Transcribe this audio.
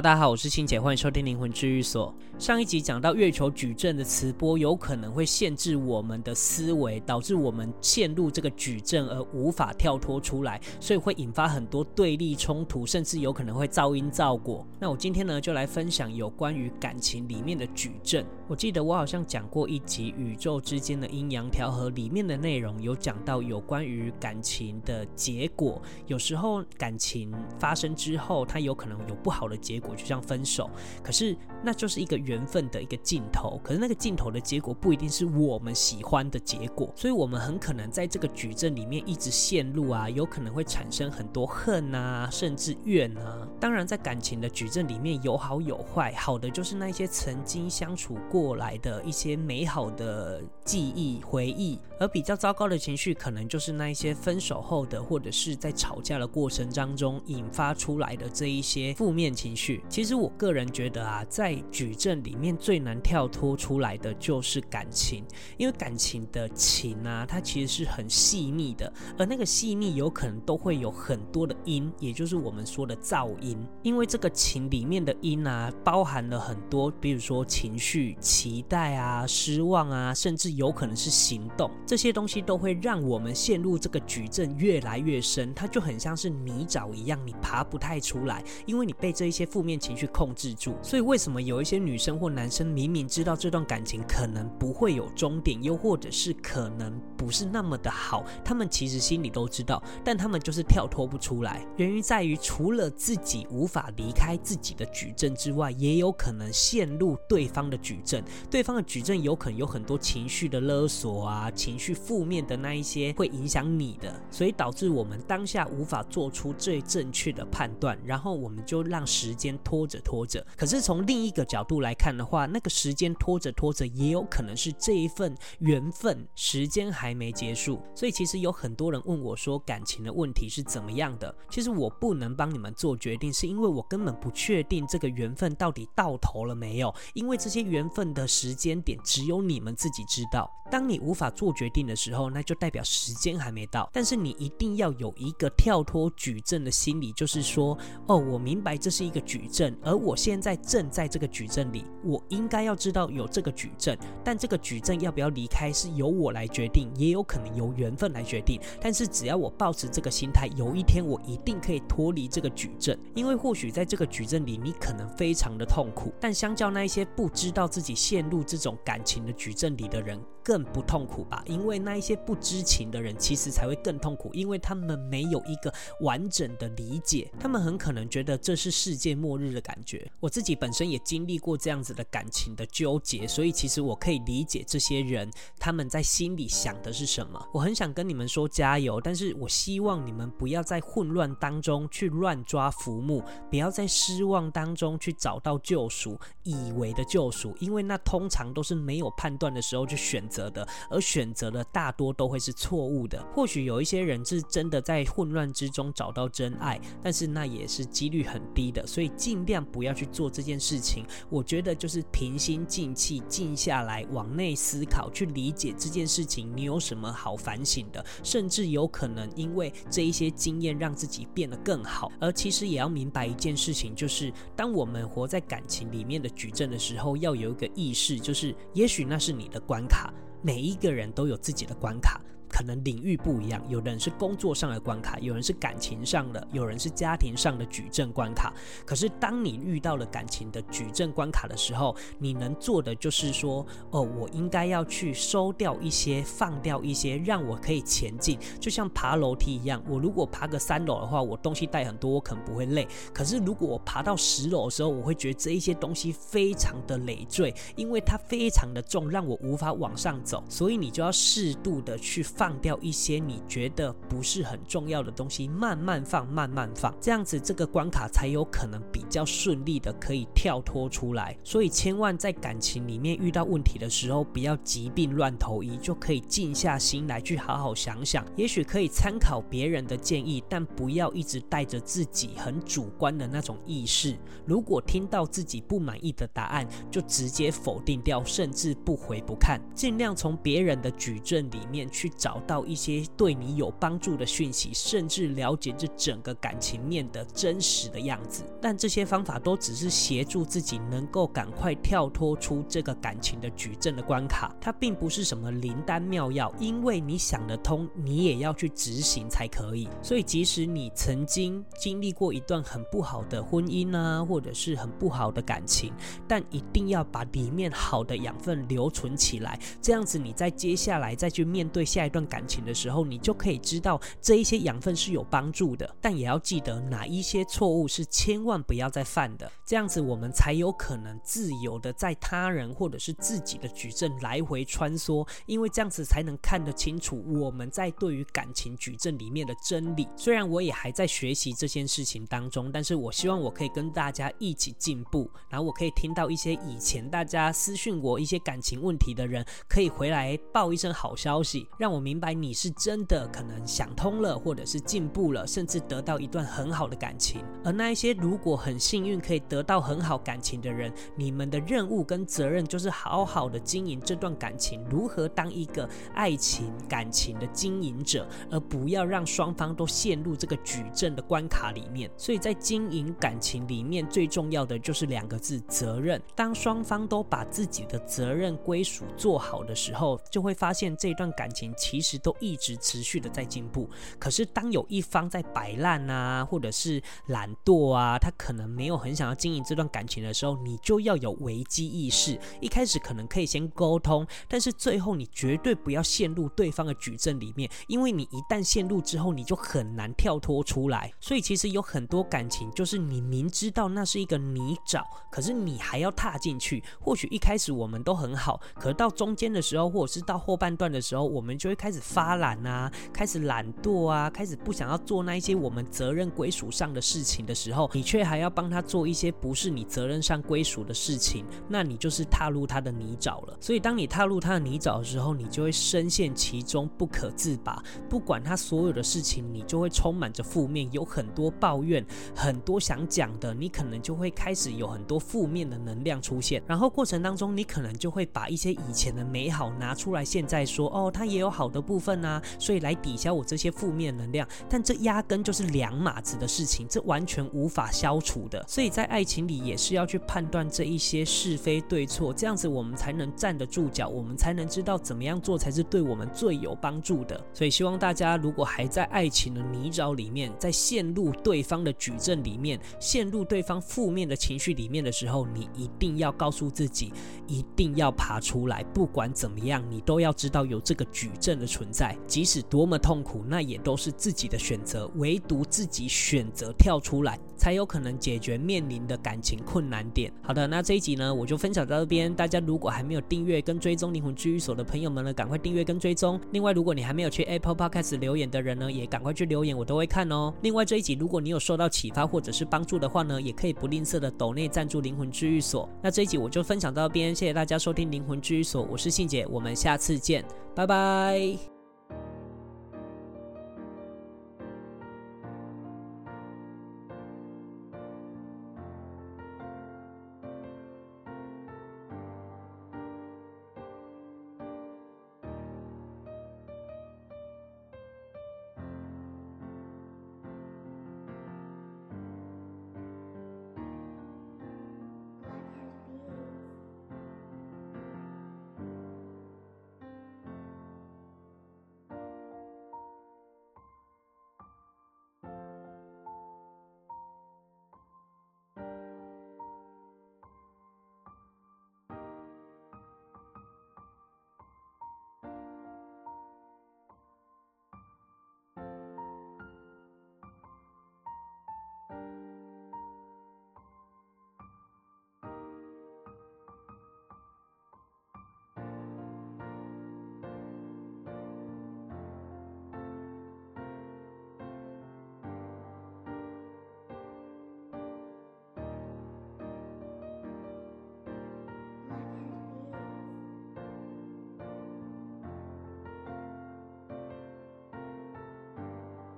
大家好，我是清姐，歡迎收聽靈魂治癒所。上一集講到月球矩陣的磁波有可能會限制我們的思維，導致我們陷入這個矩陣而無法跳脫出來，所以會引發很多對立衝突，甚至有可能會造因造果。那我今天呢，就來分享有關於感情裡面的矩陣。我記得我好像講過一集宇宙之間的陰陽調和裡面的內容，有講到有關於感情的結果。有時候感情發生之後，它有可能有不好的結果果就像分手，可是那就是一個緣分的一個盡頭。可是那個盡頭的結果不一定是我們喜歡的結果，所以我們很可能在這個矩陣裡面一直陷入啊，有可能會產生很多恨啊，甚至怨啊。當然，在感情的矩陣裡面有好有壞，好的就是那些曾經相處過來的一些美好的記憶回憶，而比較糟糕的情緒可能就是那一些分手後的，或者是在吵架的過程當中引發出來的這一些負面情緒。其實我個人覺得啊，在矩陣裡面最難跳脫出來的就是感情，因為感情的情啊，它其實是很細膩的，而那個細膩有可能都會有很多的音，也就是我們說的噪音，因為這個情裡面的音啊，包含了很多，比如說情緒、期待啊、失望啊，甚至有可能是行動，這些東西都會讓我們陷入這個矩陣越來越深，它就很像是泥沼一樣，你爬不太出來，因為你被這些。負面情緒控制住，所以為什麼有一些女生或男生明明知道這段感情可能不會有終點，又或者是可能不是那麼的好，他們其實心裡都知道，但他們就是跳脫不出來，原因在於除了自己無法離開自己的矩陣之外，也有可能陷入對方的矩陣，對方的矩陣有可能有很多情緒的勒索啊，情緒負面的那一些會影響你的，所以導致我們當下無法做出最正確的判斷，然後我們就讓時間，間拖着拖着，可是從另一個角度來看的話，那個時間拖着拖着，也有可能是這一份緣分時間還沒結束。所以其實有很多人問我說感情的問題是怎麼樣的，其實我不能幫你們做決定，是因為我根本不確定這個緣分到底到頭了沒有，因為這些緣分的時間點只有你們自己知道。當你無法做決定的時候，那就代表時間還沒到。但是你一定要有一個跳脫矩陣的心理，就是說，哦，我明白這是一個。矩陣，而我現在正在這個矩陣裡，我應該要知道有這個矩陣，但這個矩陣要不要離開是由我來決定，也有可能由緣分來決定。但是只要我保持這個心態，有一天我一定可以脫離這個矩陣，因為或許在這個矩陣裡你可能非常的痛苦，但相較那一些不知道自己陷入這種感情的矩陣裡的人更不痛苦吧？因為那一些不知情的人其實才會更痛苦，因為他們沒有一個完整的理解，他們很可能覺得這是世界末日的感覺，我自己本身也經歷過這樣子的感情的糾結，所以其實我可以理解這些人他們在心裡想的是什麼。我很想跟你們說加油，但是我希望你們不要在混亂當中去亂抓浮木，不要在失望當中去找到救贖，以為的救贖，因為那通常都是沒有判斷的時候去選擇的，而選擇的大多都會是錯誤的。或許有一些人是真的在混亂之中找到真愛，但是那也是幾率很低的，所以。盡量不要去做這件事情。我覺得就是平心靜氣，靜下來，往內思考，去理解這件事情，你有什麼好反省的？甚至有可能因為這一些經驗，讓自己變得更好。而其實也要明白一件事情，就是當我們活在感情裡面的矩陣的時候，要有一個意識，就是也許那是你的關卡。每一個人都有自己的關卡。可能領域不一樣，有的人是工作上的關卡，有人是感情上的，有人是家庭上的矩陣關卡。可是當你遇到了感情的矩陣關卡的時候，你能做的就是說，哦，我應該要去收掉一些，放掉一些，讓我可以前進。就像爬樓梯一樣，我如果爬個三樓的話，我東西帶很多，我可能不會累。可是如果我爬到十樓的時候，我會覺得這一些東西非常的累贅，因為它非常的重，讓我無法往上走。所以你就要適度的去放。放掉一些你覺得不是很重要的東西，慢慢放，慢慢放，這樣子這個關卡才有可能比較順利的可以跳脫出來。所以千萬在感情裡面遇到問題的時候，不要急病亂投醫，就可以靜下心來去好好想想，也許可以參考別人的建議，但不要一直帶着自己很主觀的那種意識。如果聽到自己不滿意的答案，就直接否定掉，甚至不回不看，盡量從別人的矩陣裡面去找。找到一些對你有幫助的訊息，甚至了解這整個感情面的真實的樣子。但這些方法都只是協助自己能夠趕快跳脫出這個感情的矩陣的關卡，它並不是什麼靈丹妙藥。因為你想得通，你也要去執行才可以。所以，即使你曾經經歷過一段很不好的婚姻啊，或者是很不好的感情，但一定要把裡面好的養分留存起來。這樣子，你在接下來再去面對下一段。感情的時候，你就可以知道這一些養分是有幫助的，但也要記得哪一些錯誤是千萬不要再犯的。這樣子我們才有可能自由的在他人或者是自己的矩陣來回穿梭，因為這樣子才能看得清楚我們在對於感情矩陣裡面的真理。雖然我也還在學習這件事情當中，但是我希望我可以跟大家一起進步，然後我可以聽到一些以前大家私訊我一些感情問題的人可以回來報一聲好消息，讓我明。明白你是真的可能想通了，或者是進步了，甚至得到一段很好的感情。而那一些如果很幸運可以得到很好感情的人，你們的任務跟責任就是好好的經營這段感情，如何當一個愛情感情的經營者，而不要讓雙方都陷入這個矩陣的關卡裡面。所以在經營感情裡面最重要的就是兩個字：責任。當雙方都把自己的責任歸屬做好的時候，就會發現這段感情其實。其實都一直持續的在進步，可是當有一方在擺爛啊，或者是懶惰啊，他可能沒有很想要經營這段感情的時候，你就要有危機意識。一開始可能可以先溝通，但是最後你絕對不要陷入對方的矩陣裡面，因為你一旦陷入之後，你就很難跳脫出來。所以其實有很多感情，就是你明知道那是一個泥沼，可是你還要踏進去。或許一開始我們都很好，可到中間的時候，或者是到後半段的時候，我們就會開始。開始發懶啊，開始懶惰啊，開始不想要做那一些我們責任歸屬上的事情的時候，你卻還要幫他做一些不是你責任上歸屬的事情，那你就是踏入他的泥沼了。所以，當你踏入他的泥沼的時候，你就會深陷其中不可自拔。不管他所有的事情，你就會充滿着負面，有很多抱怨，很多想講的，你可能就會開始有很多負面的能量出現。然後過程當中，你可能就會把一些以前的美好拿出來，現在說哦，他也有好的部分啊，所以來抵消我這些負面能量，但這壓根就是兩碼子的事情，這完全無法消除的。所以在愛情裡也是要去判斷這一些是非對錯，這樣子我們才能站得住腳，我們才能知道怎麼樣做才是對我們最有幫助的。所以希望大家如果還在愛情的泥沼裡面，在陷入對方的矩陣裡面，陷入對方負面的情緒裡面的時候，你一定要告訴自己，一定要爬出來，不管怎麼樣，你都要知道有這個矩陣的存在，即使多麼痛苦，那也都是自己的選擇。唯獨自己選擇跳出來，才有可能解決面臨的感情困難點。好的，那這一集呢，我就分享到這邊。大家如果還沒有訂閱跟追蹤靈魂治癒所的朋友們呢，趕快訂閱跟追蹤。另外，如果你還沒有去 Apple Podcast 留言的人呢，也趕快去留言，我都會看哦。另外，這一集如果你有受到啟發或者是幫助的話呢，也可以不吝嗇的抖內贊助靈魂治癒所。那這一集我就分享到這邊，謝謝大家收聽靈魂治癒所，我是信姐，我們下次見，拜拜。